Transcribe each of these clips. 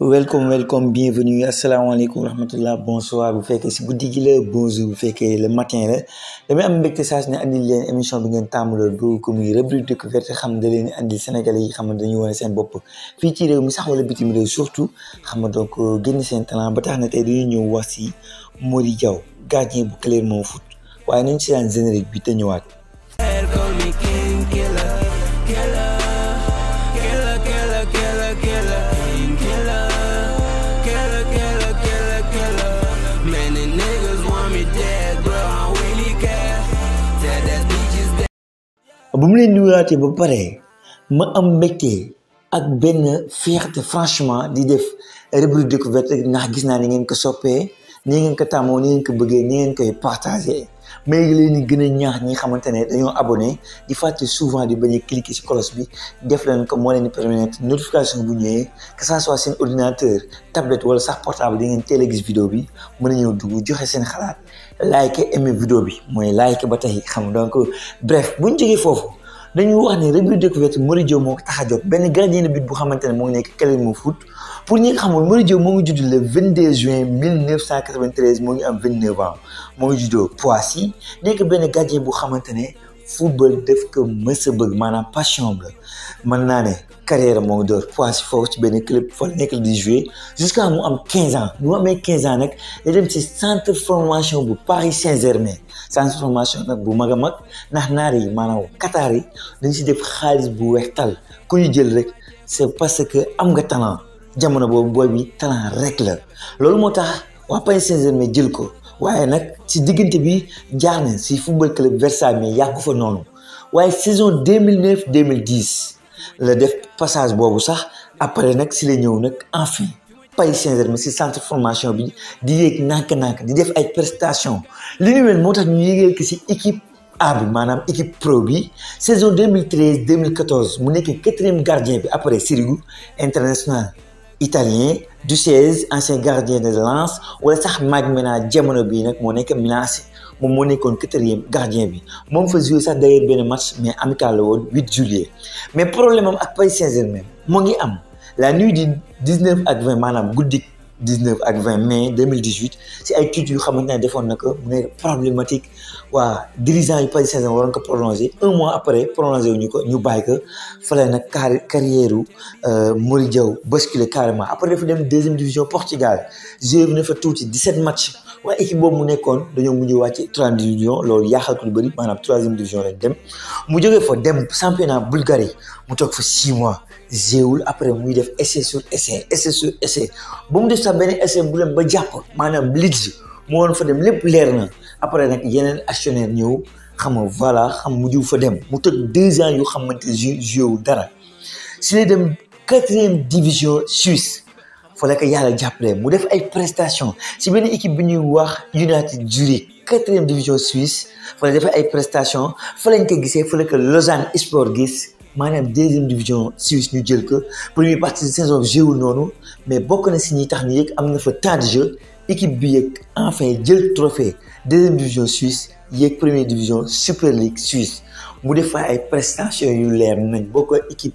welcome welcome bienvenue asalaamaaleykum wa rahmatullah bonsoir bu fekkee si bu gi la bonjour bu fekkee le matin la damay am mbégte saa su ne andil leen émission bi ngeen tàmbaloo doo ko muy rubrique découverte xam da leen andil sénégalais yi xam ne dañuy seen bopp fii ci réew mi sax wala bitim réew surtout xam nga donc euh, génn seen talent ba tax na tey dañuy ñëw wax si Mody Diaw gardien bu Clermont Foot waaye nañ si daan générique bi te ñëwaat bu mu leen nuyuwaatee ba pare ma am mbégte ak benn fierté franchement di def rubrique découverte ndax gis naa ni ngeen ko soppee ni ngeen ko tàmmoo ni ngeen ko bëggee ni ngeen koy partagé may leen di gën a ñaax ñi nga xamante ne dañoo abonné di fàtte souvent di bañ cliquer ci cloche bi def leen ko moo permettre notification bu ñëwee que ça soit seen ordinateur tablette wala sax portable di ngeen teel a gis vidéo bi mën a ñëw dugg joxe seen xalaat like aimer vidéo bi mooy like ba tey xam donc bref bu ñu jógee dañuy wax ni revue de découverte Mory Diop moo ko tax a jóg benn gardien de but bu xamante ne moo ngi nekk Kalidou Foot pour ñi nga xamul Mory Diop moo ngi judd le 22 juin 1993 moo ngi am 29 ans moo ngi juddoo Poissy nekk benn gardien bu xamante ne. football def que mës a bëgg maanaam passion la carrière moo door ci benn club fa di jouer jusqu'à am 15 ans mu amee 15 ans ci formation bu Paris Saint-Germain centre formation nag bu mag a mag ndax naar Qatar yi dañ si def bu jël rek c'est parce que am nga talent jamono bi talent rek la loolu moo tax Paris Saint-Germain jël ko. C'est nag ci diggante bi jaar nañ si football club Versailles mais yàggu fa noonu waaye saison 2009 2010 le def passage boobu sax après nag si la ñëw nag enfin Paris Saint-Germain si centre formation bi di yéeg nànk-nànk di def ay prestations li ñu mel moo tax que si équipe A bi équipe pro bi saison 2013 2014 mu nekk quatrième gardien bi après Sirigu international italien du 16 ancien gardien de lance wala sax mag mena jamono bi nak mo nek milance moom quatrième gardien bi mom fa jouer sax d'ailleurs ben match mais amical le 8 juillet mais problème am ak Paris Saint-Germain ngi am la nuit du 19 ak 20 suis dit 19 ak 20 mai 2018 C'est ay étude qui xamante ne defoon na ko mu nekk problématique waa dirigeant yu Paris Saint-Germain ko prolongé un mois après prolongé wu ñu ko ñu bàyyi ko fële nag carrière u euh, Mory Diaw basculé carrément après dafa dem deuxième division Portugal joué na fa tuuti 17 matchs waaye équipe boobu mu nekkoon dañoo mujj wàcc troisième division loolu yaaxal ko bëri maanaam troisième division lañ dem mu jógee fa dem championnat Bulgarie mu toog fa 6 mois géewul après muy def essai sur essai essai sur essai ba mu def sax benn essai bu dem ba jàpp maanaam Leeds moo woon fa dem lépp leer na après nag yeneen actionnaire ñëw xam nga voilà xam mu jiw fa dem mu tëg deux ans yu xamante géewul dara si lay dem quatrième division suisse fa la ko yàlla jàppale mu def ay prestations si benn équipe bi ñuy wax United Zurich quatrième division suisse fa la defee ay prestations fa lañ ko gisee fa la ko Lausanne Sport gis maanaam deuxième division Suisse ñu première partie de saison est mais bokk na si tax am fa temps de jeu équipe bi enfin jël trophée deuxième division Suisse yëg première division Super League Suisse mu def fa ay prestation yu leer nañ équipe.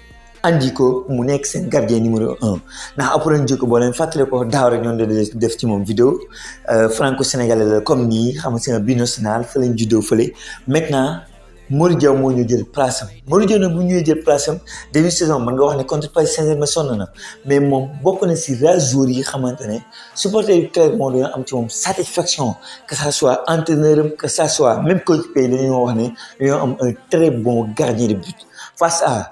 andiko mu sen gardien numéro 1 na apuron jiko bolen fatale ko rek ñon de def ci Je vidéo euh, franco sénégalais la comme ni xam c'est un judo, fa lañ le maintenant Modou Diaw ñu jël place am Diaw bu ñu jël place am saison man nga wax Saint-Germain mais na supporter am ci satisfaction que ça soit entraîneur que ça soit même wax un très bon gardien de but face à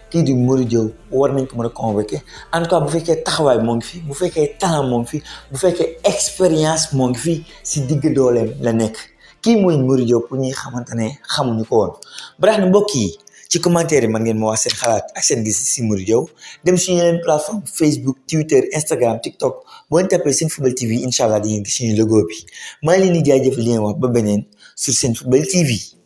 kii di Mory war nañ ko mën a convoquer en tout cas bu fekkee taxawaay moo ngi fi bu fekkee talent moo ngi fi bu fekkee expérience moo ngi fi si digg dooleem la nekk kii mooy Mory Diaw pour ñuy xamante ne xamuñu ko woon barax na mbokk yi ci commentaire yi man ngeen ma wax seen xalaat ak seen gis si Mory Diaw dem suñu yeneen plateforme Facebook Twitter Instagram TikTok boo leen tapé Senfootball TV incha allah di ngeen gis suñu logo bi maa ngi leen di jaajëfal li ngeen wax ba beneen sur Senfootball TV